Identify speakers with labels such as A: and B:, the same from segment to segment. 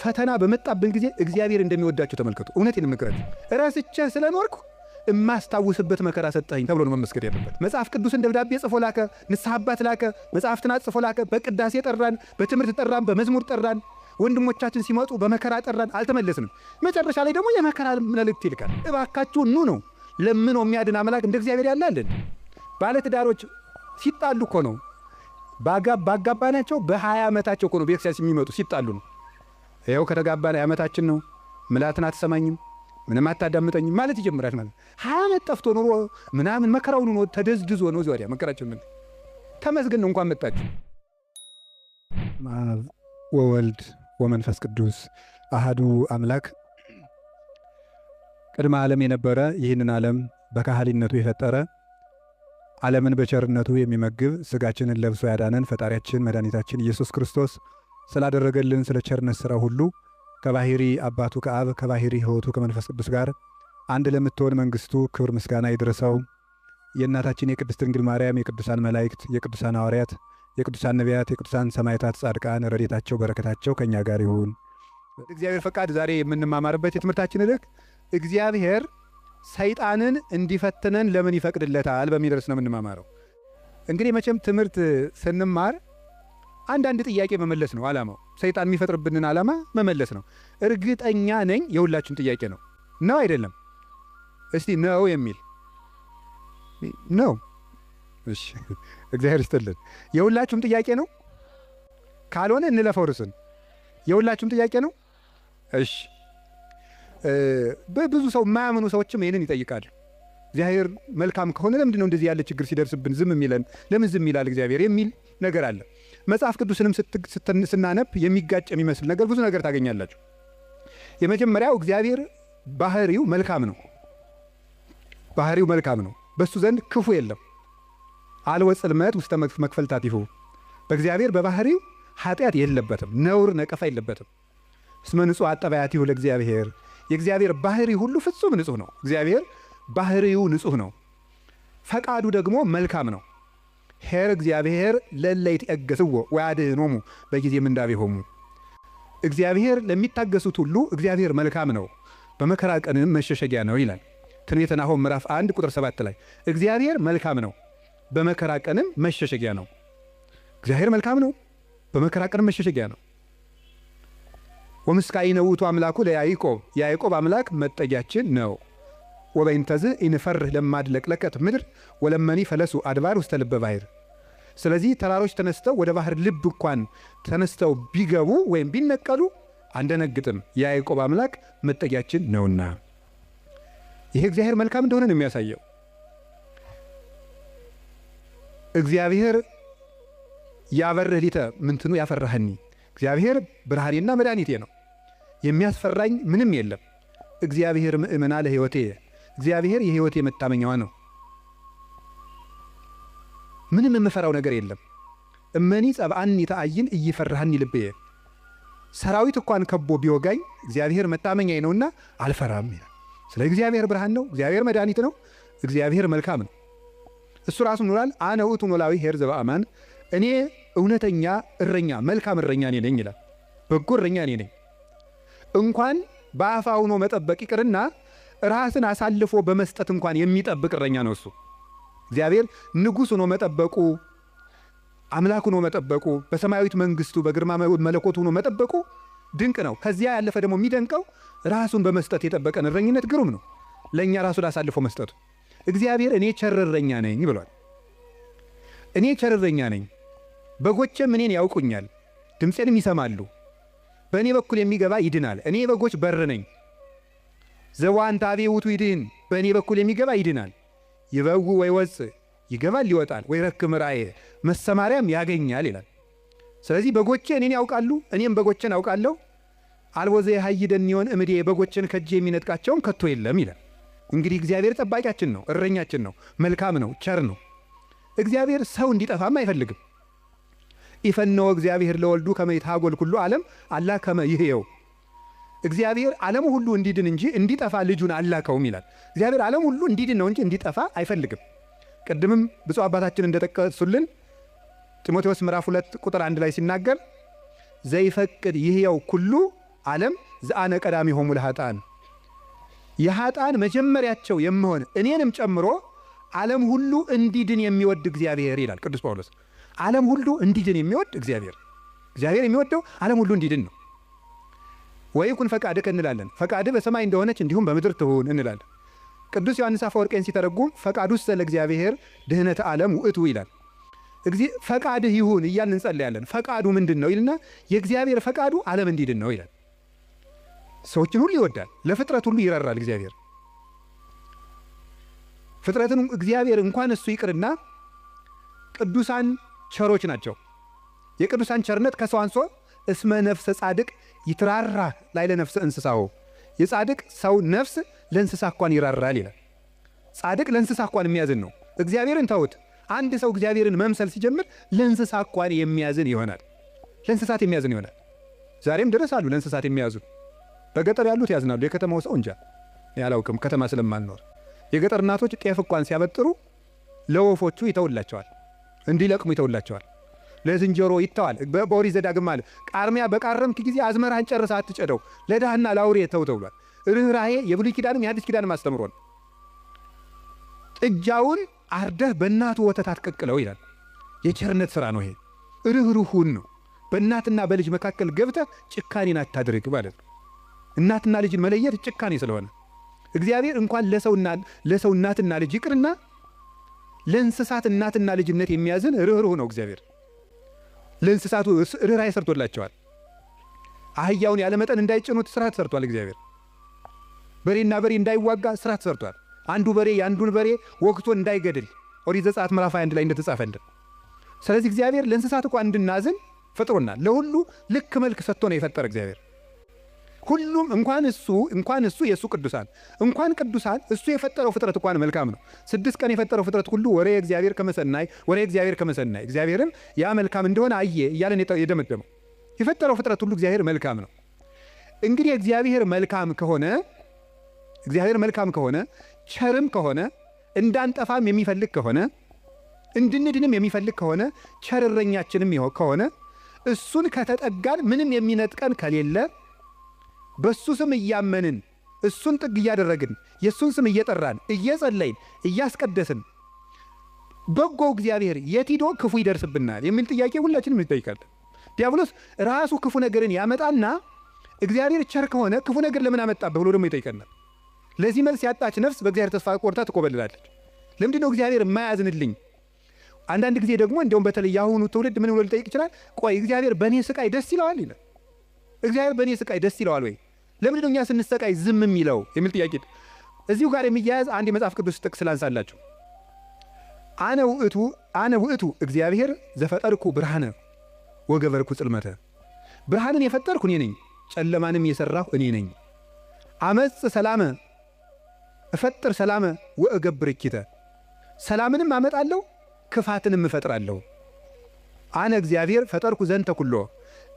A: ፈተና በመጣብን ጊዜ እግዚአብሔር እንደሚወዳቸው ተመልከቱ። እውነቴን የምነግራችሁ እረስቼህ ስለኖርኩ የማስታውስበት መከራ ሰጠኝ ተብሎ ነው መመስገድ ያለበት። መጽሐፍ ቅዱስን ደብዳቤ ጽፎ ላከ፣ ንስሐ አባት ላከ፣ መጽሐፍትን ጽፎ ላከ። በቅዳሴ ጠራን፣ በትምህርት ጠራን፣ በመዝሙር ጠራን። ወንድሞቻችን ሲመጡ በመከራ ጠራን፣ አልተመለስንም። መጨረሻ ላይ ደግሞ የመከራ መልእክት ይልካል። እባካችሁ ኑ ነው ለምኖ የሚያድን አምላክ እንደ እግዚአብሔር ያላለን። ባለትዳሮች ሲጣሉ እኮ ነው ባጋባናቸው በሀያ ዓመታቸው እኮ ነው ቤተክርስቲያን የሚመጡ ሲጣሉ ነው ይኸው ከተጋባን ዓመታችን ነው። ምላትን አትሰማኝም፣ ምንም አታዳምጠኝም ማለት ይጀምራል። ማለት ሀያ ዓመት ጠፍቶ ኑሮ ምናምን መከራውን ኖ ተደዝድዞ ነው እዚህ ወዲያ መከራችን ምን ተመስግን ነው። እንኳን መጣችሁ።
B: ወወልድ ወመንፈስ ቅዱስ አህዱ አምላክ ቅድመ ዓለም የነበረ ይህንን ዓለም በካህሊነቱ የፈጠረ ዓለምን በቸርነቱ የሚመግብ ስጋችንን ለብሶ ያዳነን ፈጣሪያችን መድኃኒታችን ኢየሱስ ክርስቶስ ስላደረገልን ስለ ቸርነት ሥራ ሁሉ ከባሕሪ አባቱ ከአብ ከባሕሪ ሕይወቱ ከመንፈስ ቅዱስ ጋር አንድ ለምትሆን መንግሥቱ ክብር ምስጋና ይድረሰው። የእናታችን የቅድስት ድንግል ማርያም የቅዱሳን መላእክት፣ የቅዱሳን ሐዋርያት፣ የቅዱሳን ነቢያት፣ የቅዱሳን ሰማዕታት፣ ጻድቃን ረድኤታቸው በረከታቸው ከእኛ ጋር ይሁን።
A: እግዚአብሔር ፈቃድ ዛሬ የምንማማርበት የትምህርታችን ርዕስ እግዚአብሔር ሰይጣንን እንዲፈትነን ለምን ይፈቅድለታል በሚል ርዕስ ነው የምንማማረው። እንግዲህ መቼም ትምህርት ስንማር አንዳንድ ጥያቄ መመለስ ነው ዓላማው። ሰይጣን የሚፈጥርብንን ዓላማ መመለስ ነው። እርግጠኛ ነኝ የሁላችን ጥያቄ ነው። ነው አይደለም? እስቲ ነው የሚል ነው። እሺ እግዚአብሔር ይስጥልን። የሁላችሁም ጥያቄ ነው። ካልሆነ እንለፈው ርዕስን። የሁላችሁም ጥያቄ ነው። እሺ በብዙ ሰው የማያምኑ ሰዎችም ይህንን ይጠይቃል። እግዚአብሔር መልካም ከሆነ ለምንድን ነው እንደዚህ ያለ ችግር ሲደርስብን ዝም የሚለን? ለምን ዝም ይላል እግዚአብሔር የሚል ነገር አለ። መጽሐፍ ቅዱስንም ስናነብ የሚጋጭ የሚመስል ነገር ብዙ ነገር ታገኛላችሁ። የመጀመሪያው እግዚአብሔር ባህሪው መልካም ነው። ባህሪው መልካም ነው። በእሱ ዘንድ ክፉ የለም። አልወ ጽልመት ውስተ መክፈልታቲሁ በእግዚአብሔር በባህሪው ኃጢአት የለበትም፣ ነውር ነቀፋ የለበትም። እስመ ንጹሕ አጠባያቲሁ ለእግዚአብሔር የእግዚአብሔር ባህሪ ሁሉ ፍጹም ንጹሕ ነው። እግዚአብሔር ባህሪው ንጹሕ ነው። ፈቃዱ ደግሞ መልካም ነው። ሄር እግዚአብሔር ለእለ ይትዔገሥዎ ወያድኅኖሙ በጊዜ ምንዳቤሆሙ። እግዚአብሔር ለሚታገሱት ሁሉ እግዚአብሔር መልካም ነው፣ በመከራ ቀንም መሸሸጊያ ነው ይላል ትንቢተ ናሆም ምዕራፍ 1 ቁጥር 7 ላይ እግዚአብሔር መልካም ነው፣ በመከራ ቀንም መሸሸጊያ ነው። እግዚአብሔር መልካም ነው፣ በመከራ ቀንም መሸሸጊያ ነው። ወምስካይ ነውቱ አምላኩ ለያዕቆብ፣ የያዕቆብ አምላክ መጠጊያችን ነው። ወበይንተዝ ኢንፈርህ ለማድለቅለቀት ምድር ወለመኒ ፈለሱ አድባር ውስተ ልበ ባሕር። ስለዚህ ተራሮች ተነስተው ወደ ባህር ልብ እንኳን ተነስተው ቢገቡ ወይም ቢነቀሉ አንደነግጥም፣ የያዕቆብ አምላክ መጠጊያችን ነውና። ይህ እግዚአብሔር መልካም እንደሆነ ነው የሚያሳየው። እግዚአብሔር ያበርህ ሊተ ምንትኑ ያፈራህኒ፣ እግዚአብሔር ብርሃኔና መድኃኒቴ ነው፣ የሚያስፈራኝ ምንም የለም። እግዚአብሔር ምእመና ለሕይወቴ እግዚአብሔር የሕይወት የመታመኛዋ ነው። ምንም የምፈራው ነገር የለም። እመኒ ጸብአን ተአይን እይፈራህን ልብየ ሰራዊት እኳን ከቦ ቢወጋኝ እግዚአብሔር መታመኛዬ ነውና አልፈራም ይላል። ስለ እግዚአብሔር ብርሃን ነው። እግዚአብሔር መድኃኒት ነው። እግዚአብሔር መልካም ነው። እሱ ራሱ ኑራል አነ ውእቱ ኖላዊ ሄር ዘበአማን እኔ እውነተኛ እረኛ መልካም እረኛ እኔ ነኝ ይላል። በጎ እረኛ እኔ ነኝ። እንኳን በአፋ ሆኖ መጠበቅ ይቅርና ራስን አሳልፎ በመስጠት እንኳን የሚጠብቅ እረኛ ነው እሱ። እግዚአብሔር ንጉሥ ሆኖ መጠበቁ፣ አምላክ ሆኖ መጠበቁ፣ በሰማያዊት መንግስቱ በግርማ መለኮቱ ሆኖ መጠበቁ ድንቅ ነው። ከዚያ ያለፈ ደግሞ የሚደንቀው ራሱን በመስጠት የጠበቀን እረኝነት ግሩም ነው። ለእኛ ራሱን አሳልፎ መስጠቱ እግዚአብሔር እኔ ቸር እረኛ ነኝ ብሏል። እኔ ቸር እረኛ ነኝ፣ በጎቼም እኔን ያውቁኛል፣ ድምፄንም ይሰማሉ። በእኔ በኩል የሚገባ ይድናል። እኔ በጎች በር ነኝ ዘዋንታቤ ውቱ ይድህን በእኔ በኩል የሚገባ ይድናል። ይበው ወይ ወፅ ይገባል ይወጣል፣ ወይ ረክም ራእየ መሰማሪያም ያገኛል ይላል። ስለዚህ በጎቼ እኔን ያውቃሉ፣ እኔም በጎቼን አውቃለሁ። አልቦ የሀይደን ይሆን እምዴ በጎችን ከእጄ የሚነጥቃቸውም ከቶ የለም ይላል። እንግዲህ እግዚአብሔር ጠባቂያችን ነው፣ እረኛችን ነው፣ መልካም ነው፣ ቸር ነው። እግዚአብሔር ሰው እንዲጠፋም አይፈልግም። ኢፈነወ እግዚአብሔር ለወልዱ ከመ ይትሐጎል ኩሉ ዓለም አላ ከመ ይህየው እግዚአብሔር ዓለም ሁሉ እንዲድን እንጂ እንዲጠፋ ልጁን አላከውም ይላል። እግዚአብሔር ዓለም ሁሉ እንዲድን ነው እንጂ እንዲጠፋ አይፈልግም። ቅድምም ብፁዕ አባታችን እንደጠቀሱልን ጢሞቴዎስ ምዕራፍ 2 ቁጥር 1 ላይ ሲናገር ዘይፈቅድ ይህየው ኩሉ ዓለም ዘአነ ሆሙ ለኃጥአን የኃጥአን መጀመሪያቸው የምሆን እኔንም ጨምሮ ዓለም ሁሉ እንዲድን የሚወድ እግዚአብሔር ይላል ቅዱስ ጳውሎስ። ዓለም ሁሉ እንዲድን የሚወድ እግዚአብሔር እግዚአብሔር የሚወደው ዓለም ሁሉ እንዲድን ነው። ወይኩን ፈቃድ እንላለን። ፈቃድ በሰማይ እንደሆነች እንዲሁም በምድር ትሁን እንላለን። ቅዱስ ዮሐንስ አፈወርቄን ሲተረጉም ፈቃዱ ውስጥ ለእግዚአብሔር ድህነት ዓለም ውእቱ ይላል። ፈቃድህ ይሁን እያል እንጸለያለን። ፈቃዱ ምንድን ነው ይልና የእግዚአብሔር ፈቃዱ ዓለም እንዲድን ነው ይላል። ሰዎችን ሁሉ ይወዳል። ለፍጥረት ሁሉ ይረራል እግዚአብሔር ፍጥረትን እግዚአብሔር እንኳን እሱ ይቅርና ቅዱሳን ቸሮች ናቸው። የቅዱሳን ቸርነት ከሰው አንሶ እስመ ነፍሰ ጻድቅ ይትራራ ላይ ለነፍሰ እንስሳው የጻድቅ ሰው ነፍስ ለእንስሳ እንኳን ይራራል ይላል። ጻድቅ ለእንስሳ እንኳን የሚያዝን ነው። እግዚአብሔርን ተውት። አንድ ሰው እግዚአብሔርን መምሰል ሲጀምር ለእንስሳ እንኳን የሚያዝን ይሆናል። ለእንስሳት የሚያዝን ይሆናል። ዛሬም ድረስ አሉ ለእንስሳት የሚያዙ። በገጠር ያሉት ያዝናሉ። የከተማው ሰው እንጃ ያላውቅም። ከተማ ስለማልኖር የገጠር እናቶች ጤፍ እንኳን ሲያበጥሩ ለወፎቹ ይተውላቸዋል፣ እንዲለቅሙ ይተውላቸዋል። ለዝንጀሮ ይተዋል። በኦሪት ዘዳግም ማለት ቃርሚያ በቃረምክ ጊዜ አዝመራህን ጨርሰ አትጨደው፣ ለድሃና ለአውሬ ተው ተብሏል። ርኅራሄ የብሉይ ኪዳንም የአዲስ ኪዳንም አስተምሮ ነው። ጥጃውን አርደህ በእናቱ ወተት አትቀቅለው ይላል። የቸርነት ስራ ነው ይሄ። ርኅሩሁን ነው። በእናትና በልጅ መካከል ገብተህ ጭካኔን አታድርግ ማለት ነው። እናትና ልጅን መለየት ጭካኔ ስለሆነ እግዚአብሔር እንኳን ለሰው እናትና ልጅ ይቅርና ለእንስሳት እናትና ልጅነት የሚያዝን ርኅሩህ ነው እግዚአብሔር። ለእንስሳቱ ርኅራኄ ሰርቶላቸዋል። አህያውን ያለመጠን እንዳይጭኑት ስራ ተሰርቷል። እግዚአብሔር በሬና በሬ እንዳይዋጋ ስራ ተሰርቷል። አንዱ በሬ የአንዱን በሬ ወግቶ እንዳይገድል ኦሪት ዘጸአት ምዕራፍ 21 ላይ እንደተጻፈ እንደ ስለዚህ እግዚአብሔር ለእንስሳት እኳ እንድናዝን ፈጥሮናል። ለሁሉ ልክ መልክ ሰጥቶ ነው የፈጠረ እግዚአብሔር ሁሉም እንኳን እሱ እንኳን እሱ የእሱ ቅዱሳን እንኳን ቅዱሳን እሱ የፈጠረው ፍጥረት እንኳን መልካም ነው። ስድስት ቀን የፈጠረው ፍጥረት ሁሉ ወሬ እግዚአብሔር ከመሰናይ ወሬ እግዚአብሔር ከመሰናይ እግዚአብሔርም ያ መልካም እንደሆነ አየ እያለን የደመደመው የፈጠረው ፍጥረት ሁሉ እግዚአብሔር መልካም ነው። እንግዲህ እግዚአብሔር መልካም ከሆነ እግዚአብሔር መልካም ከሆነ ቸርም ከሆነ እንዳንጠፋም የሚፈልግ ከሆነ እንድንድንም የሚፈልግ ከሆነ ቸርረኛችንም ከሆነ እሱን ከተጠጋን ምንም የሚነጥቀን ከሌለ በእሱ ስም እያመንን እሱን ጥግ እያደረግን የእሱን ስም እየጠራን እየጸለይን እያስቀደስን በጎ እግዚአብሔር የት ሂዶ ክፉ ይደርስብናል የሚል ጥያቄ ሁላችንም እንጠይቃለን። ዲያብሎስ ራሱ ክፉ ነገርን ያመጣና እግዚአብሔር ቸር ከሆነ ክፉ ነገር ለምን አመጣበት ብሎ ደግሞ ይጠይቀናል። ለዚህ መልስ ያጣች ነፍስ በእግዚአብሔር ተስፋ ቆርታ ትቆበልላለች። ለምንድን ነው እግዚአብሔር የማያዝንልኝ? አንዳንድ ጊዜ ደግሞ እንዲሁም በተለይ የአሁኑ ትውልድ ምን ብሎ ሊጠይቅ ይችላል? ቆይ እግዚአብሔር በእኔ ስቃይ ደስ ይለዋል ይላል። እግዚአብሔር በእኔ ስቃይ ደስ ይለዋል ወይ? ነው እኛ ስንሰቃይ ዝም የሚለው የሚል ጥያቄ እዚሁ ጋር የሚያያዝ አንድ የመጽሐፍ ቅዱስ ጥቅስ ላንሳላችሁ። አነ ውእቱ አነ ውእቱ እግዚአብሔር ዘፈጠርኩ ብርሃነ ወገበርኩ ጽልመተ፣ ብርሃንን የፈጠርኩ እኔ ነኝ፣ ጨለማንም የሠራሁ እኔ ነኝ። አመፅ ሰላመ እፈጥር ሰላመ ወእገብር እኪተ፣ ሰላምንም አመጣለሁ ክፋትንም እፈጥራለሁ። አነ እግዚአብሔር ፈጠርኩ ዘንተ ኩሎ፣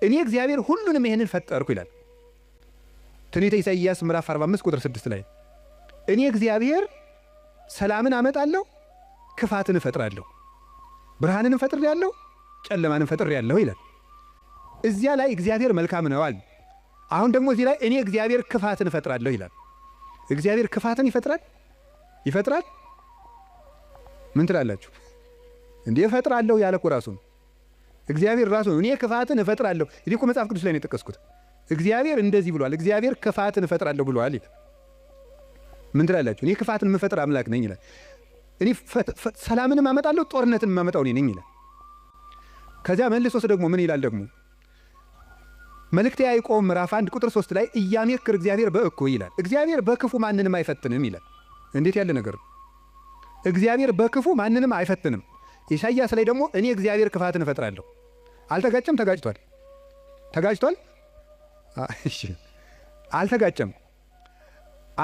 A: እኔ እግዚአብሔር ሁሉንም ይህንን ፈጠርኩ ይላል። ትንቢተ ኢሳይያስ ምዕራፍ 45 ቁጥር 6 ላይ እኔ እግዚአብሔር ሰላምን አመጣለሁ፣ ክፋትን እፈጥራለሁ፣ ብርሃንን ጨለማን እፈጥር ያለው ይላል። እዚያ ላይ እግዚአብሔር መልካም ነዋል። አሁን ደግሞ እዚህ ላይ እኔ እግዚአብሔር ክፋትን እፈጥራለሁ ይላል። እግዚአብሔር ክፋትን ይፈጥራል ይፈጥራል? ምን ትላላችሁ? እንዴ እፈጥራለሁ ያለ እኮ ራሱ ነው። እግዚአብሔር ራሱ ነው እኔ ክፋትን እፈጥራለሁ። እዚህ እኮ መጽሐፍ ቅዱስ ላይ ነው የጠቀስኩት። እግዚአብሔር እንደዚህ ብሏል። እግዚአብሔር ክፋትን እፈጥራለሁ ብሏል ይላል። ምን ትላላችሁ? እኔ ክፋትን የምፈጥር አምላክ ነኝ ይላል። እኔ ሰላምንም አመጣለሁ ጦርነትን የማመጣው እኔ ነኝ ይላል። ከዚያ መልሶስ ደግሞ ምን ይላል ደግሞ መልእክተ ያዕቆብ ምዕራፍ አንድ ቁጥር ሶስት ላይ እያሜክር እግዚአብሔር በእኩ ይላል። እግዚአብሔር በክፉ ማንንም አይፈትንም ይላል። እንዴት ያለ ነገር ነው! እግዚአብሔር በክፉ ማንንም አይፈትንም። ኢሳያስ ላይ ደግሞ እኔ እግዚአብሔር ክፋትን እፈጥራለሁ። አልተጋጨም? ተጋጭቷል። ተጋጭቷል አልተጋጨም።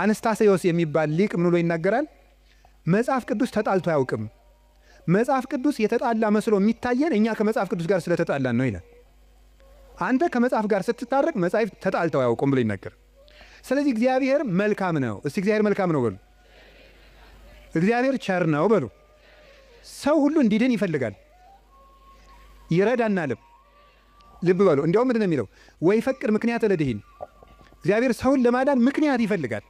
A: አንስታሴዎስ የሚባል ሊቅ ምን ብሎ ይናገራል? መጽሐፍ ቅዱስ ተጣልቶ አያውቅም። መጽሐፍ ቅዱስ የተጣላ መስሎ የሚታየን እኛ ከመጽሐፍ ቅዱስ ጋር ስለተጣላን ነው ይላል። አንተ ከመጽሐፍ ጋር ስትታረቅ መጽሐፍ ተጣልተው አያውቁም ብሎ ይናገር። ስለዚህ እግዚአብሔር መልካም ነው። እስቲ እግዚአብሔር መልካም ነው በሉ። እግዚአብሔር ቸር ነው በሉ። ሰው ሁሉ እንዲድን ይፈልጋል፣ ይረዳናልም። ልብ በሉ። እንዲያውም ምንድን የሚለው? ወይ ፈቅድ ምክንያት ለድህን እግዚአብሔር ሰውን ለማዳን ምክንያት ይፈልጋል።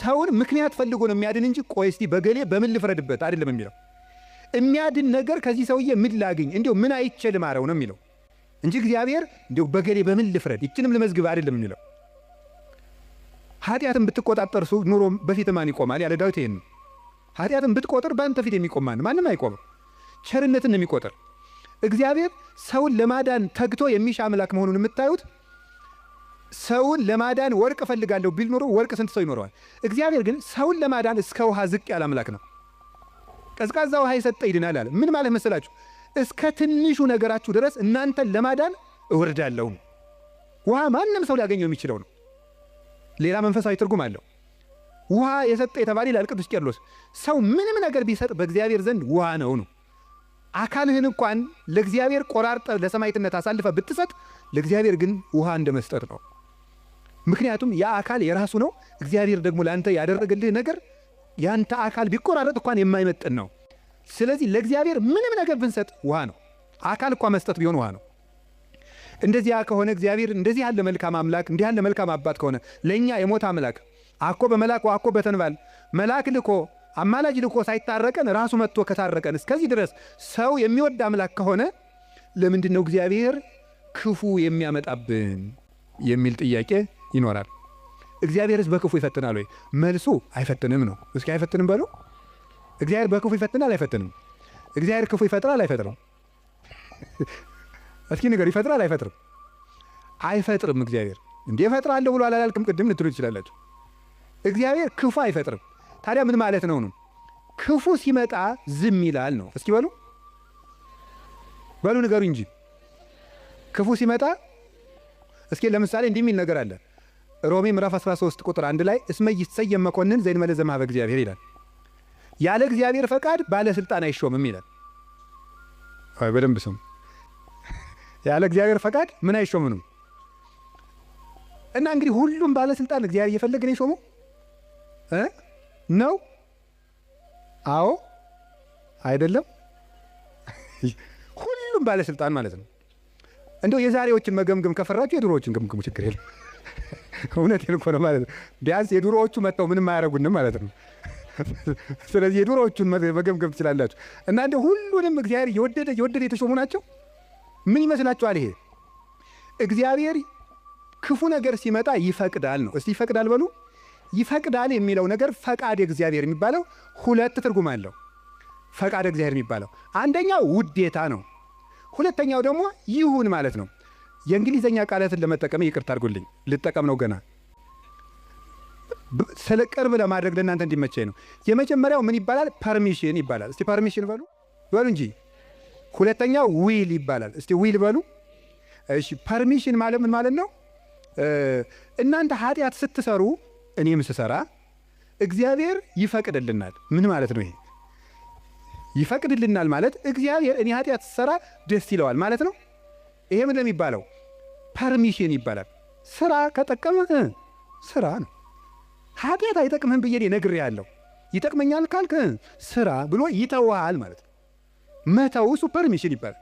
A: ሰውን ምክንያት ፈልጎ ነው የሚያድን እንጂ ቆይ እስቲ በገሌ በምን ልፍረድበት አይደለም የሚለው። የሚያድን ነገር ከዚህ ሰውዬ ምን ላግኝ፣ እንዲሁ ምን አይቼ ልማረው ነው የሚለው እንጂ እግዚአብሔር እንዲሁ በገሌ በምን ልፍረድ፣ ይችንም ልመዝግብ አይደለም የሚለው። ኃጢአትን ብትቆጣጠር ሱ ኑሮ በፊት ማን ይቆማል? ያለ ዳዊት ይህን ኃጢአትን ብትቆጥር በአንተ ፊት የሚቆም ማንም አይቆምም። ቸርነትን ነው የሚቆጥር እግዚአብሔር ሰውን ለማዳን ተግቶ የሚሻ አምላክ መሆኑን የምታዩት ሰውን ለማዳን ወርቅ እፈልጋለሁ ቢል ኖሮ ወርቅ ስንት ሰው ይኖረዋል? እግዚአብሔር ግን ሰውን ለማዳን እስከ ውሃ ዝቅ ያለ አምላክ ነው። ቀዝቃዛ ውሃ የሰጠ ይድናል አለ። ምን ማለት መሰላችሁ? እስከ ትንሹ ነገራችሁ ድረስ እናንተን ለማዳን እወርዳለሁ። ውሃ ማንም ሰው ሊያገኘው የሚችለው ነው። ሌላ መንፈሳዊ ትርጉም አለው። ውሃ የሰጠ የተባለ ይላል ቅዱስ ቄርሎስ፣ ሰው ምንም ነገር ቢሰጥ በእግዚአብሔር ዘንድ ውሃ ነው ነው አካልህን እንኳን ለእግዚአብሔር ቆራርጠ ለሰማይትነት አሳልፈ ብትሰጥ ለእግዚአብሔር ግን ውሃ እንደ መስጠት ነው። ምክንያቱም ያ አካል የራሱ ነው። እግዚአብሔር ደግሞ ለአንተ ያደረገልህ ነገር ያንተ አካል ቢቆራረጥ እንኳን የማይመጥን ነው። ስለዚህ ለእግዚአብሔር ምንም ነገር ብንሰጥ ውሃ ነው። አካል እንኳ መስጠት ቢሆን ውሃ ነው። እንደዚያ ከሆነ እግዚአብሔር እንደዚህ ያለ መልካም አምላክ እንዲህ ያለ መልካም አባት ከሆነ ለእኛ የሞት አምላክ አኮ በመላክ አኮ በተንባል መልአክ ልኮ አማላጅ ልኮ ሳይታረቀን ራሱ መጥቶ ከታረቀን እስከዚህ ድረስ ሰው የሚወድ አምላክ ከሆነ ለምንድን ነው እግዚአብሔር ክፉ የሚያመጣብን የሚል ጥያቄ ይኖራል። እግዚአብሔርስ በክፉ ይፈትናል ወይ? መልሱ አይፈትንም ነው። እስኪ አይፈትንም በሉ። እግዚአብሔር በክፉ ይፈትናል አይፈትንም? እግዚአብሔር ክፉ ይፈጥራል አይፈጥርም? እስኪ ነገር ይፈጥራል አይፈጥርም? አይፈጥርም። እግዚአብሔር እንዲህ እፈጥራለሁ ብሎ አላልክም። ቅድም ልትሉ ትችላላችሁ። እግዚአብሔር ክፉ አይፈጥርም። ታዲያ ምን ማለት ነው ነው? ክፉ ሲመጣ ዝም ይላል ነው። እስኪ በሉ በሉ ንገሩ እንጂ ክፉ ሲመጣ እስኪ ለምሳሌ እንዲህ የሚል ነገር አለ። ሮሜ ምዕራፍ 13 ቁጥር አንድ ላይ እስመ ይሰየም መኮንን ዘይንመለ ዘምኀበ እግዚአብሔር ይላል። ያለ እግዚአብሔር ፈቃድ ባለስልጣን አይሾምም ይላል። አይ በደንብ ስም ያለ እግዚአብሔር ፈቃድ ምን አይሾምንም። እና እንግዲህ ሁሉም ባለስልጣን እግዚአብሔር እየፈለግን ነው የሾመው ነው? አዎ፣ አይደለም። ሁሉም ባለስልጣን ማለት ነው። እንደው የዛሬዎችን መገምገም ከፈራችሁ የድሮዎችን ገምግሙ፣ ችግር የለም። እውነቴን እኮ ነው ማለት ነው። ቢያንስ የድሮዎቹ መጥተው ምንም አያደርጉንም ማለት ነው። ስለዚህ የድሮዎቹን መገምገም ትችላላችሁ። እና እንደ ሁሉንም እግዚአብሔር የወደደ የወደደ የተሾሙ ናቸው። ምን ይመስላችኋል? ይሄ እግዚአብሔር ክፉ ነገር ሲመጣ ይፈቅዳል ነው። እስቲ ይፈቅዳል በሉ ይፈቅዳል የሚለው ነገር ፈቃድ እግዚአብሔር የሚባለው ሁለት ትርጉም አለው። ፈቃድ እግዚአብሔር የሚባለው አንደኛው ውዴታ ነው። ሁለተኛው ደግሞ ይሁን ማለት ነው። የእንግሊዝኛ ቃላትን ለመጠቀም ይቅርታ አድርጉልኝ፣ ልጠቀም ነው ገና ስለ ቅርብ ለማድረግ ለእናንተ እንዲመቸኝ ነው። የመጀመሪያው ምን ይባላል? ፐርሚሽን ይባላል። እስቲ ፐርሚሽን በሉ በሉ እንጂ። ሁለተኛው ዊል ይባላል። እስቲ ዊል በሉ እሺ። ፐርሚሽን ማለት ምን ማለት ነው? እናንተ ኃጢአት ስትሰሩ እኔም ስሰራ እግዚአብሔር ይፈቅድልናል። ምን ማለት ነው ይሄ? ይፈቅድልናል ማለት እግዚአብሔር እኔ ኃጢአት ስሰራ ደስ ይለዋል ማለት ነው። ይሄ ምን ለሚባለው ፐርሚሽን ይባላል። ስራ ከጠቀመ ስራ ነው። ኃጢአት አይጠቅምህም ብዬ ያለው ይጠቅመኛል ካልክ ስራ ብሎ ይተውሃል ማለት ነው። መተው እሱ ፐርሚሽን ይባላል።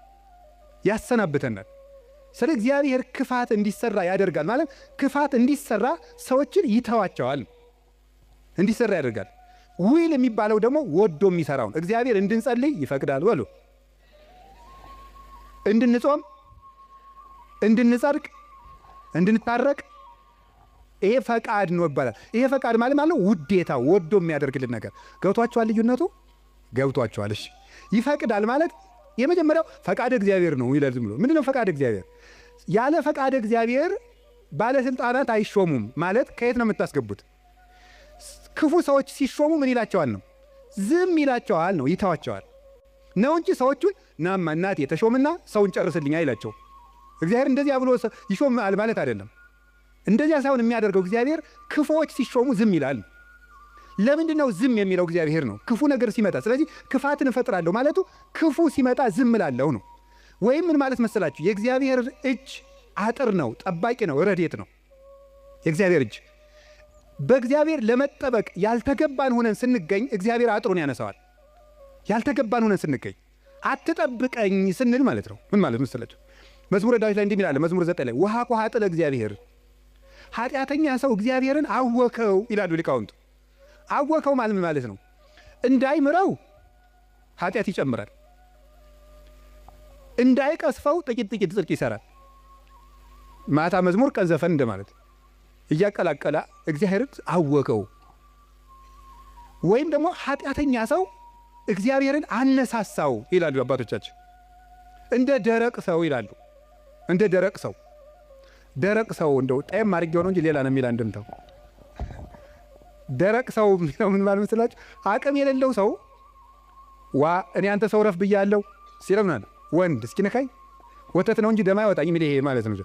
A: ያሰናብተናል። ስለ እግዚአብሔር ክፋት እንዲሰራ ያደርጋል። ማለት ክፋት እንዲሰራ ሰዎችን ይተዋቸዋል፣ እንዲሰራ ያደርጋል። ዊል የሚባለው ደግሞ ወዶ የሚሰራውን እግዚአብሔር እንድንጸልይ ይፈቅዳል። በሉ እንድንጾም፣ እንድንጸድቅ፣ እንድንታረቅ ይሄ ፈቃድ ነው ይባላል። ይሄ ፈቃድ ማለት ማለት ውዴታ ወዶ የሚያደርግልን ነገር ገብቷቸዋል። ልዩነቱ ገብቷቸዋል። እሺ ይፈቅዳል ማለት የመጀመሪያው ፈቃድ እግዚአብሔር ነው ይላል። ዝም ብሎ ምንድነው ፈቃድ እግዚአብሔር? ያለ ፈቃድ እግዚአብሔር ባለስልጣናት አይሾሙም ማለት ከየት ነው የምታስገቡት? ክፉ ሰዎች ሲሾሙ ምን ይላቸዋል ነው? ዝም ይላቸዋል ነው፣ ይተዋቸዋል ነው እንጂ ሰዎቹን ናማ እናቴ የተሾምና ሰውን ጨርስልኛ ይላቸው። እግዚአብሔር እንደዚያ ብሎ ይሾም ማለት አይደለም። እንደዚያ ሳይሆን የሚያደርገው እግዚአብሔር ክፉዎች ሲሾሙ ዝም ይላል። ለምንድን ነው ዝም የሚለው? እግዚአብሔር ነው ክፉ ነገር ሲመጣ። ስለዚህ ክፋትን እፈጥራለሁ ማለቱ ክፉ ሲመጣ ዝም ላለው ነው። ወይም ምን ማለት መሰላችሁ? የእግዚአብሔር እጅ አጥር ነው፣ ጠባቂ ነው፣ ረዴት ነው። የእግዚአብሔር እጅ በእግዚአብሔር ለመጠበቅ ያልተገባን ሆነን ስንገኝ እግዚአብሔር አጥሩን ያነሳዋል። ያልተገባን ሆነን ስንገኝ አትጠብቀኝ ስንል ማለት ነው። ምን ማለት መሰላችሁ? መዝሙረ ዳዊት ላይ እንዲህ ይላል። መዝሙር ዘጠኝ ላይ ውሃ ጥለ እግዚአብሔር ኃጢአተኛ ሰው እግዚአብሔርን አወከው ይላሉ ሊቃውንቱ። አወከው ማለት ማለት ነው? እንዳይምረው ኃጢአት ይጨምራል እንዳይቀስፈው ጥቂት ጥቂት ጽድቅ ይሰራል። ማታ መዝሙር ቀን ዘፈን እንደማለት እያቀላቀለ እግዚአብሔር አወቀው። ወይም ደግሞ ኃጢአተኛ ሰው እግዚአብሔርን አነሳሳው ይላሉ አባቶቻችን። እንደ ደረቅ ሰው ይላሉ። እንደ ደረቅ ሰው ደረቅ ሰው እንደው ጣይም አድርጌ ሆነው እንጂ ሌላ ነው የሚል አንድምታው ደረቅ ሰው የሚለው ምን ማለት መስላችሁ? አቅም የሌለው ሰው ዋ እኔ አንተ ሰው ረፍ ብያለሁ ሲለምናል ወንድ እስኪነካኝ ወተት ነው እንጂ ደማ አይወጣኝ የሚል ይሄ ማለት ነው።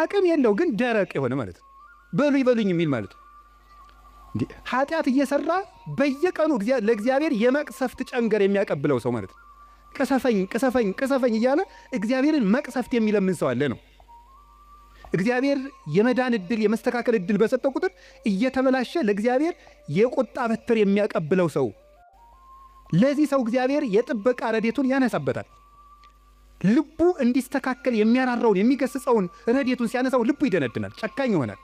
A: አቅም የለው ግን ደረቅ የሆነ ማለት ነው። በሉ ይበሉኝ የሚል ማለት ነው። ኃጢአት እየሰራ በየቀኑ ለእግዚአብሔር የመቅሰፍት ጨንገር የሚያቀብለው ሰው ማለት ነው። ቅሰፈኝ ቅሰፈኝ ቅሰፈኝ እያለ እግዚአብሔርን መቅሰፍት የሚለምን ሰው አለ ነው። እግዚአብሔር የመዳን እድል የመስተካከል እድል በሰጠው ቁጥር እየተበላሸ ለእግዚአብሔር የቁጣ በትር የሚያቀብለው ሰው፣ ለዚህ ሰው እግዚአብሔር የጥበቃ ረዴቱን ያነሳበታል። ልቡ እንዲስተካከል የሚያራራውን የሚገስጸውን ረድኤቱን ሲያነሳው ልቡ ይደነድናል፣ ጨካኝ ይሆናል፣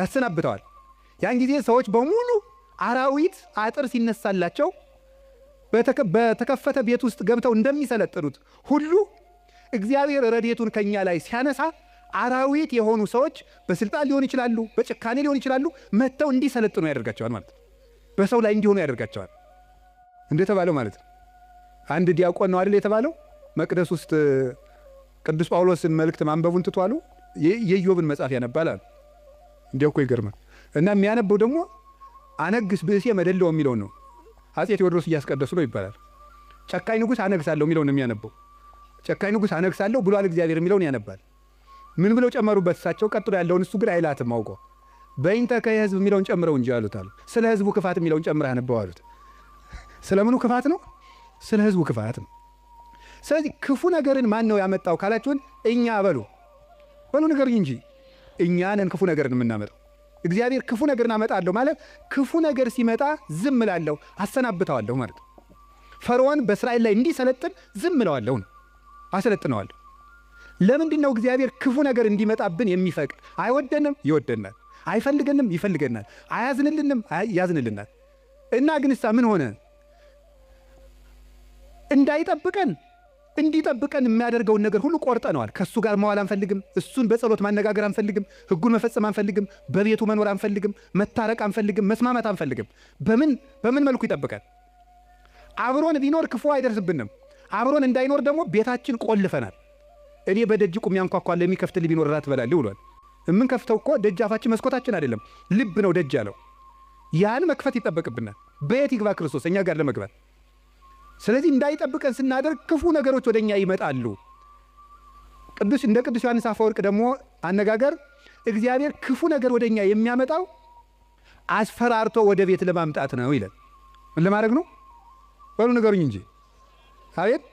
A: ያሰናብተዋል። ያን ጊዜ ሰዎች በሙሉ አራዊት አጥር ሲነሳላቸው በተከፈተ ቤት ውስጥ ገብተው እንደሚሰለጥኑት ሁሉ እግዚአብሔር ረድኤቱን ከኛ ላይ ሲያነሳ አራዊት የሆኑ ሰዎች በስልጣን ሊሆን ይችላሉ፣ በጭካኔ ሊሆን ይችላሉ፣ መጥተው እንዲሰለጥኑ ያደርጋቸዋል ማለት ነው። በሰው ላይ እንዲሆኑ ያደርጋቸዋል እንደተባለው ማለት ነው። አንድ ዲያቆን ነው አይደል የተባለው መቅደስ ውስጥ ቅዱስ ጳውሎስን መልእክት ማንበቡን ትቷሉ። የኢዮብን መጽሐፍ ያነባላል። አሉ። እንዲያው እኮ ይገርማል። እና የሚያነበው ደግሞ አነግስ ብእሴ መደለው የሚለውን ነው። አፄ ቴዎድሮስ እያስቀደሱ ነው ይባላል። ጨካኝ ንጉሥ አነግሳለሁ የሚለውን የሚያነበው ጨካኝ ንጉሥ አነግሳለሁ ብሏል እግዚአብሔር የሚለውን ያነባል። ምን ብለው ጨመሩበት እሳቸው? ቀጥሎ ያለውን እሱ ግን አይላትም አውቆ በይንተ ከህዝብ የሚለውን ጨምረው እንጂ አሉት አሉ። ስለ ህዝቡ ክፋት የሚለውን ጨምረህ አነበው አሉት። ስለምኑ ክፋት ነው? ስለ ህዝቡ ክፋት ነው። ስለዚህ ክፉ ነገርን ማን ነው ያመጣው ካላችሁን፣ እኛ በሉ በሉ ነገር እንጂ እኛ ነን ክፉ ነገርን የምናመጣው። እግዚአብሔር ክፉ ነገርን አመጣለሁ ማለት ክፉ ነገር ሲመጣ ዝም እላለሁ፣ አሰናብተዋለሁ ማለት ፈርዖን በእስራኤል ላይ እንዲሰለጥን ዝም እለዋለሁ ነው፣ አሰለጥነዋለሁ። ለምንድን ነው እግዚአብሔር ክፉ ነገር እንዲመጣብን የሚፈቅድ? አይወደንም፣ ይወደናል። አይፈልገንም፣ ይፈልገናል። አያዝንልንም፣ ያዝንልናል። እና ግንሳ ምን ሆነ እንዳይጠብቀን እንዲጠብቀን የሚያደርገውን ነገር ሁሉ ቆርጠነዋል። ከእሱ ጋር መዋል አንፈልግም። እሱን በጸሎት ማነጋገር አንፈልግም። ህጉን መፈጸም አንፈልግም። በቤቱ መኖር አንፈልግም። መታረቅ አንፈልግም። መስማማት አንፈልግም። በምን በምን መልኩ ይጠብቀን? አብሮን ቢኖር ክፉ አይደርስብንም። አብሮን እንዳይኖር ደግሞ ቤታችን ቆልፈናል። እኔ በደጅ ቁሜ አንኳኳለሁ፣ የሚከፍትልኝ ቢኖር እራት እበላለሁ ብሏል። የምንከፍተው እኮ ደጃፋችን መስኮታችን አይደለም፣ ልብ ነው ደጅ ያለው። ያን መክፈት ይጠበቅብናል። በየት ይግባ ክርስቶስ እኛ ጋር ለመግባት ስለዚህ እንዳይጠብቀን ስናደርግ ክፉ ነገሮች ወደ እኛ ይመጣሉ። ቅዱስ እንደ ቅዱስ ዮሐንስ አፈወርቅ ደግሞ አነጋገር እግዚአብሔር ክፉ ነገር ወደ እኛ የሚያመጣው አስፈራርቶ ወደ ቤት ለማምጣት ነው ይለን ምን ለማድረግ ነው በሉ ነገሩኝ እንጂ አቤት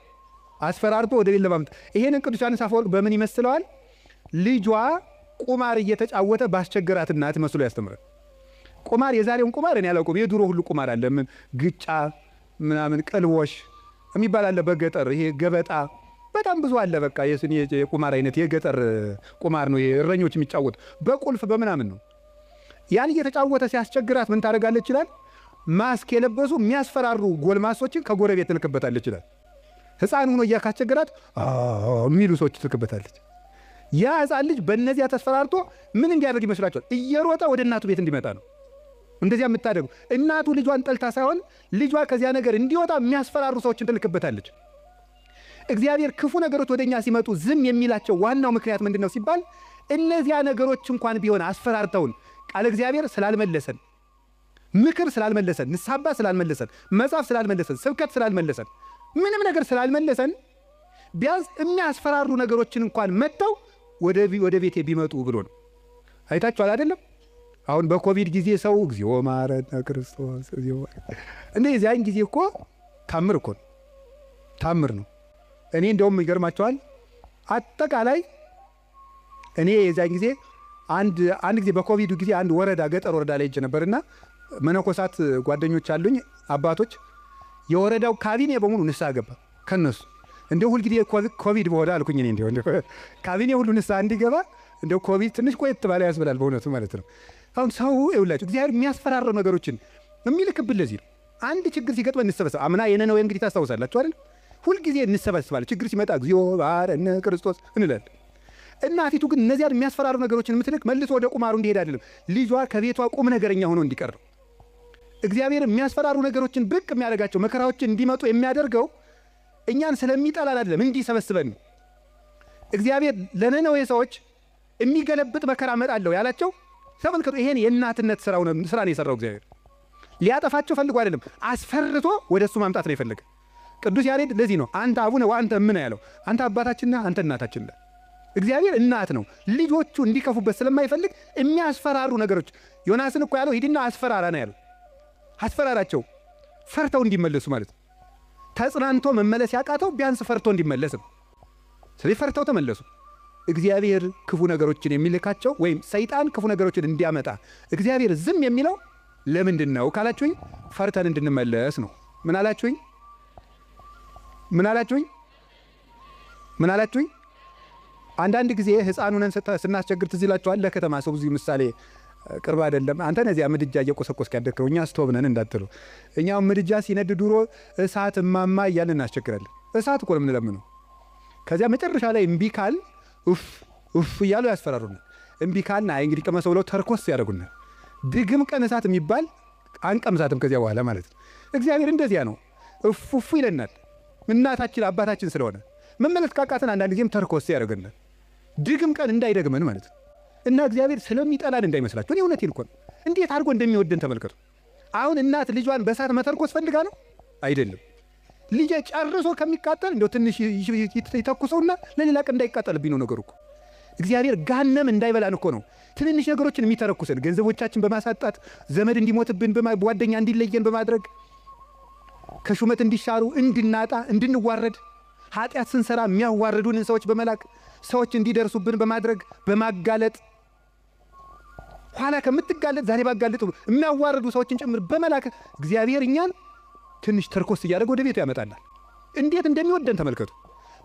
A: አስፈራርቶ ወደ ቤት ለማምጣት። ይሄንን ቅዱስ ዮሐንስ አፈወርቅ በምን ይመስለዋል? ልጇ ቁማር እየተጫወተ ባስቸገራት እናት መስሎ ቁማር የዛሬውን ቁማር እኔ የድሮ ሁሉ ቁማር አለ። ግጫ ምናምን ቅልቦሽ የሚባል አለ በገጠር ይሄ ገበጣ በጣም ብዙ አለ። በቃ የቁማር አይነት የገጠር ቁማር ነው እረኞች የሚጫወት በቁልፍ በምናምን ነው። ያን እየተጫወተ ሲያስቸግራት ምን ታደርጋለች ይችላል? ማስክ የለበሱ የሚያስፈራሩ ጎልማሶችን ከጎረቤት ትልክበታለች ይችላል። ህፃን ሆኖ እያካስቸግራት የሚሉ ሰዎች ትልክበታለች። ያ ህፃን ልጅ በእነዚያ ተስፈራርቶ ምን እንዲያደርግ ይመስላችኋል? እየሮጠ ወደ እናቱ ቤት እንዲመጣ ነው። እንደዚያ የምታደርገው እናቱ ልጇን ጠልታ ሳይሆን ልጇ ከዚያ ነገር እንዲወጣ የሚያስፈራሩ ሰዎችን ትልክበታለች። እግዚአብሔር ክፉ ነገሮች ወደ እኛ ሲመጡ ዝም የሚላቸው ዋናው ምክንያት ምንድን ነው ሲባል እነዚያ ነገሮች እንኳን ቢሆን አስፈራርተውን ቃለ እግዚአብሔር ስላልመለሰን፣ ምክር ስላልመለሰን፣ ንሳባ ስላልመለሰን፣ መጽሐፍ ስላልመለሰን፣ ስብከት ስላልመለሰን፣ ምንም ነገር ስላልመለሰን ቢያንስ የሚያስፈራሩ ነገሮችን እንኳን መጥተው ወደ ቤቴ ቢመጡ ብሎ ነው። አይታችኋል አይደለም? አሁን በኮቪድ ጊዜ ሰው እግዚኦ መሐረነ ክርስቶስ እንደ የዚያን ጊዜ እኮ ታምር እኮ ታምር ነው። እኔ እንደውም ይገርማቸዋል። አጠቃላይ እኔ የዚያን ጊዜ አንድ አንድ ጊዜ በኮቪዱ ጊዜ አንድ ወረዳ ገጠር ወረዳ ላይ ሄጄ ነበርና መነኮሳት ጓደኞች አሉኝ አባቶች የወረዳው ካቢኔ በሙሉ ንስሓ ገባ ከነሱ እንደ ሁልጊዜ ኮቪድ በሆነ አልኩኝ እኔ እንዲሁ ካቢኔ ሁሉ ንስሓ እንዲገባ እንደ ኮቪድ ትንሽ ቆየት ባለ ያስብላል በእውነቱ ማለት ነው። አሁን ሰው ይውላችሁ እግዚአብሔር የሚያስፈራረው ነገሮችን የሚልክብን ለዚህ ነው። አንድ ችግር ሲገጥመ እንሰበሰብ አምና የነነዌ እንግዲህ ታስታውሳላችሁ አይደል? ሁልጊዜ እንሰበስባለን። ችግር ሲመጣ እግዚኦ ባረነ ክርስቶስ እንላለን። እናቲቱ ግን እነዚያ የሚያስፈራሩ ነገሮችን የምትልክ መልሶ ወደ ቁማሩ እንዲሄድ አይደለም፣ ልጇ ከቤቷ ቁም ነገረኛ ሆኖ እንዲቀር ነው። እግዚአብሔር የሚያስፈራሩ ነገሮችን ብቅ የሚያደርጋቸው መከራዎችን እንዲመጡ የሚያደርገው እኛን ስለሚጠላን አይደለም፣ እንዲሰበስበን ነው። እግዚአብሔር ለነነዌ ሰዎች የሚገለብጥ መከራ እመጣለሁ ያላቸው ተመልከቱ። ይሄን የእናትነት ስራ ነው የሰራው እግዚአብሔር። ሊያጠፋቸው ፈልጎ አይደለም፣ አስፈርቶ ወደ እሱ ማምጣት ነው የፈለገ። ቅዱስ ያሬድ ለዚህ ነው አንተ አቡነ ወአንተ እምነ ያለው። አንተ አባታችንና አንተ እናታችን። እግዚአብሔር እናት ነው። ልጆቹ እንዲከፉበት ስለማይፈልግ የሚያስፈራሩ ነገሮች ዮናስን እኮ ያለው ሂድና አስፈራራ ነው ያለው። አስፈራራቸው ፈርተው እንዲመለሱ ማለት ነው። ተጽናንቶ መመለስ ያቃተው ቢያንስ ፈርቶ እንዲመለስ ነው። ስለዚህ ፈርተው ተመለሱ። እግዚአብሔር ክፉ ነገሮችን የሚልካቸው ወይም ሰይጣን ክፉ ነገሮችን እንዲያመጣ እግዚአብሔር ዝም የሚለው ለምንድን ነው ካላችሁኝ፣ ፈርተን እንድንመለስ ነው። ምን አላችሁኝ? ምን አላችሁኝ? ምን አላችሁኝ? አንዳንድ ጊዜ ሕፃን ሁነን ስናስቸግር ትዝ ይላችኋል። ለከተማ ሰው ብዙ ምሳሌ ቅርብ አይደለም። አንተ ነዚያ ምድጃ እየቆሰቆስ ያደግከው እኛ ስቶብ ነን እንዳትሉ። እኛው ምድጃ ሲነድ ድሮ እሳት እማማ እያልን እናስቸግራለን። እሳት እኮ ነው የምንለምነው። ከዚያ መጨረሻ ላይ እምቢ ካል ኡፍ ኡፍ እያሉ ያስፈራሩናል። እምቢ ካልን እንግዲህ ቅመሰው ብለው ተርኮስ ያደርጉናል። ድግም ቀን እሳት የሚባል አንቀምሳትም ከዚያ በኋላ ማለት ነው። እግዚአብሔር እንደዚያ ነው። እፍ ይለናል። እናታችን አባታችን ስለሆነ መመለስ ካቃተን አንዳንድ ጊዜም ተርኮስ ያደርገናል። ድግም ቀን እንዳይደግመን ማለት ነው እና እግዚአብሔር ስለሚጠላን እንዳይመስላችሁ። እኔ እውነት ይልኮን እንዴት አድርጎ እንደሚወደን ተመልከቱ። አሁን እናት ልጇን በእሳት መተርኮስ ፈልጋ ነው አይደለም። ልጄ ጨርሶ ከሚቃጠል እንደው ትንሽ ይተኩሰውና ለሌላ ቀን እንዳይቃጠልብኝ ነው ነገሩ እኮ። እግዚአብሔር ጋነም እንዳይበላን እኮ ነው ትንንሽ ነገሮችን የሚተረኩሰን ገንዘቦቻችን በማሳጣት ዘመድ እንዲሞትብን፣ ጓደኛ እንዲለየን በማድረግ ከሹመት እንዲሻሩ እንድናጣ፣ እንድንዋረድ ኃጢአት ስንሰራ የሚያዋርዱንን ሰዎች በመላክ ሰዎች እንዲደርሱብን በማድረግ በማጋለጥ ኋላ ከምትጋለጥ ዛሬ ባጋለጥ የሚያዋርዱ ሰዎችን ጭምር በመላክ እግዚአብሔር እኛን ትንሽ ተርኮስ እያደረገ ወደ ቤቱ ያመጣናል። እንዴት እንደሚወደን ተመልከቱ።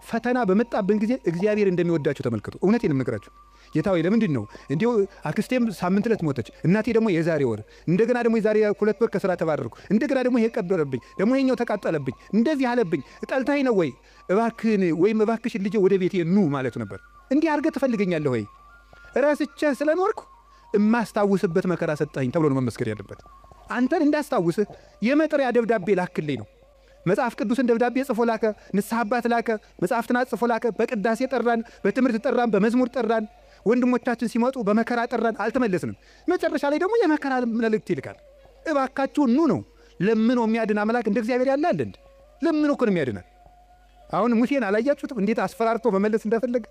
A: ፈተና በመጣብን ጊዜ እግዚአብሔር እንደሚወዳቸው ተመልከቱ። እውነቴን የምነግራቸው ጌታ ወይ ለምንድን ነው እንዲሁ አክስቴም ሳምንት ዕለት ሞተች፣ እናቴ ደግሞ የዛሬ ወር፣ እንደገና ደግሞ የዛሬ ሁለት ወር ከስራ ተባረርኩ፣ እንደገና ደግሞ ይሄ ቀበረብኝ፣ ደግሞ ይሄኛው ተቃጠለብኝ፣ እንደዚህ አለብኝ፣ ጠልታኝ ነው ወይ እባክህን፣ ወይም እባክሽን ልጄ ወደ ቤቴ ኑ ማለቱ ነበር። እንዲህ አድርገህ ትፈልገኛለህ ወይ? ረስቼህ ስለኖርኩ እማስታውስበት መከራ ሰጠኝ ተብሎ ነው መመስገን ያለበት። አንተን እንዳስታውስህ የመጥሪያ ደብዳቤ ላክልኝ ነው። መጽሐፍ ቅዱስን ደብዳቤ ጽፎ ላከ፣ ንስሐ አባት ላከ፣ መጽሐፍትና ጽፎ ላከ። በቅዳሴ ጠራን፣ በትምህርት ጠራን፣ በመዝሙር ጠራን። ወንድሞቻችን ሲመጡ በመከራ ጠራን፣ አልተመለስንም። መጨረሻ ላይ ደግሞ የመከራ መልእክት ይልካል። እባካችሁ ኑ ነው። ለምኖ የሚያድን አምላክ እንደ እግዚአብሔር ያለ አለ ለምኖ እኮ ነው የሚያድናል። አሁን ሙሴን አላያችሁትም? እንዴት አስፈራርቶ መመለስ እንደፈለገ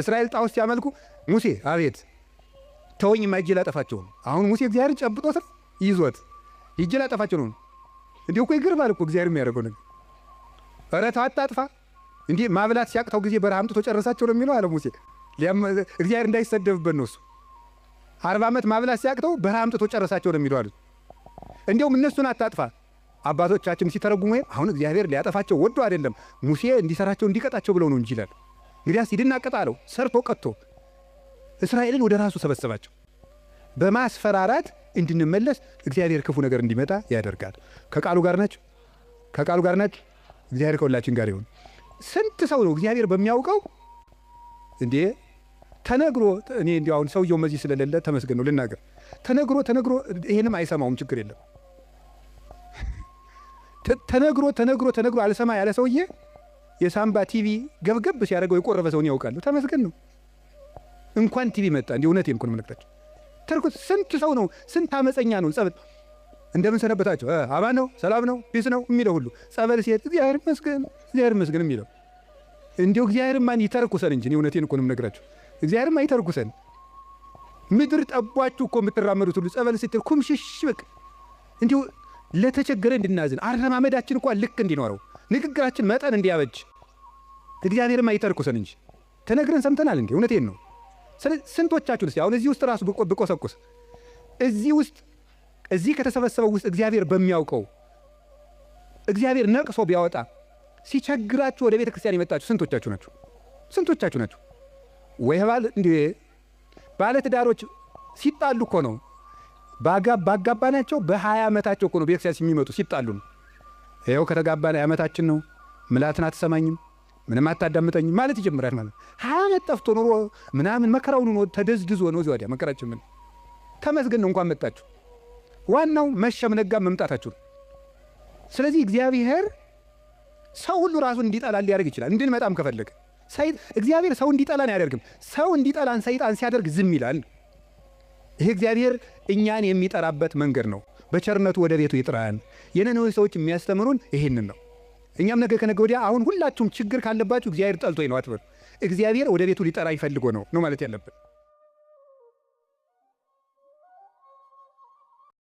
A: እስራኤል ጣዖት ሲያመልኩ ሙሴ አቤት ተወኝ ማጄ ላጠፋቸው። አሁን ሙሴ እግዚአብሔር ጨብጦ ስር ይዞት ሂጄ ላጠፋቸው ነው። እንዲሁ እኮ ይገርማል እኮ እግዚአብሔር የሚያደርገው ነገር። ኧረ ተው አታጥፋ። እንዲህ ማብላት ሲያቅተው ጊዜ በረሃ አምጥቶ ጨረሳቸው ነው የሚለው አለ ሙሴ። እግዚአብሔር እንዳይሰደብበት ነው እሱ። አርባ ዓመት ማብላት ሲያቅተው በረሃ አምጥቶ ጨረሳቸው ነው የሚለው አሉት። እንዲሁም እነሱን አታጥፋ አባቶቻችን ሲተረጉሙ ወይም አሁን እግዚአብሔር ሊያጠፋቸው ወዶ አይደለም ሙሴ እንዲሰራቸው እንዲቀጣቸው ብለው ነው እንጂ ይላል። እንግዲያስ ሂድና አለው። ሰርቶ ቀጥቶ እስራኤልን ወደ ራሱ ሰበሰባቸው በማስፈራራት እንድንመለስ እግዚአብሔር ክፉ ነገር እንዲመጣ ያደርጋል። ከቃሉ ጋር ናችሁ፣ ከቃሉ ጋር ናችሁ። እግዚአብሔር ከሁላችን ጋር ይሁን። ስንት ሰው ነው እግዚአብሔር በሚያውቀው እንዴ ተነግሮ እኔ እንዲ አሁን ሰውየው መዚህ ስለሌለ ተመስገን ነው ልናገር። ተነግሮ ተነግሮ ይሄንም አይሰማውም፣ ችግር የለም። ተነግሮ ተነግሮ ተነግሮ አልሰማ ያለ ሰውዬ የሳምባ ቲቪ ገብገብ ሲያደርገው የቆረበ ሰውን ያውቃሉ። ተመስገን ነው። እንኳን ቲቪ መጣ። እንዲ እውነት ንኩን ነው ተርኩት ስንት ሰው ነው ስንት አመፀኛ ነው ጸበል እንደምን ሰነበታቸው አማን ነው ሰላም ነው ፒስ ነው የሚለው ሁሉ ጸበል ሲሄድ እግዚአብሔር ይመስገን እግዚአብሔር ይመስገን የሚለው እንዲሁ እግዚአብሔር ማን ይተርኩሰን እንጂ እውነቴን እኮ ነው እግዚአብሔር ማን ይተርኩሰን ምድር ጠቧችሁ እኮ የምትራመዱት ሁሉ ጸበል ስትል ኩምሽሽ በቅ እንዲሁ ለተቸገረ እንድናዝን አረማመዳችን እኳ ልክ እንዲኖረው ንግግራችን መጠን እንዲያበጅ እግዚአብሔርማ ይተርኩሰን እንጂ ተነግረን ሰምተናል እንዴ እውነቴን ነው ስለዚህ ስንቶቻችሁንስ አሁን እዚህ ውስጥ ራሱ ብቆሰቁስ እዚህ ውስጥ እዚህ ከተሰበሰበው ውስጥ እግዚአብሔር በሚያውቀው እግዚአብሔር ነቅሶ ቢያወጣ ሲቸግራችሁ ወደ ቤተ ክርስቲያን የመጣችሁ ስንቶቻችሁ ናችሁ? ስንቶቻችሁ ናችሁ? ወይ ባል እንዲ ባለትዳሮች ሲጣሉ እኮ ነው ባጋባናቸው በሀያ ዓመታቸው እኮ ነው ቤተክርስቲያን የሚመጡ ሲጣሉ ነው። ይኸው ከተጋባን ዓመታችን ነው። ምላትን አትሰማኝም ምንም አታዳምጠኝ ማለት ይጀምራል። ማለት ሀያ ዓመት ጠፍቶ ኑሮ ምናምን መከራውን ኖ ተደዝድዞ ነው እዚህ ወዲያ መከራችን ምን ተመስገን እንኳን መጣችሁ። ዋናው መሸም ነጋ መምጣታችሁ ነው። ስለዚህ እግዚአብሔር ሰው ሁሉ ራሱን እንዲጠላ ሊያደርግ ይችላል። እንድንመጣም ከፈለገ እግዚአብሔር ሰው እንዲጠላን አያደርግም። ሰው እንዲጠላን ሰይጣን ሲያደርግ ዝም ይላል። ይህ እግዚአብሔር እኛን የሚጠራበት መንገድ ነው። በቸርነቱ ወደ ቤቱ ይጥራን። የነነዌ ሰዎች የሚያስተምሩን ይህንን ነው። እኛም ነገ ከነገ ወዲያ አሁን ሁላችሁም ችግር ካለባችሁ እግዚአብሔር ጠልቶኝ ነው እግዚአብሔር ወደ ቤቱ ሊጠራ ይፈልጎ ነው ነው ማለት ያለብን።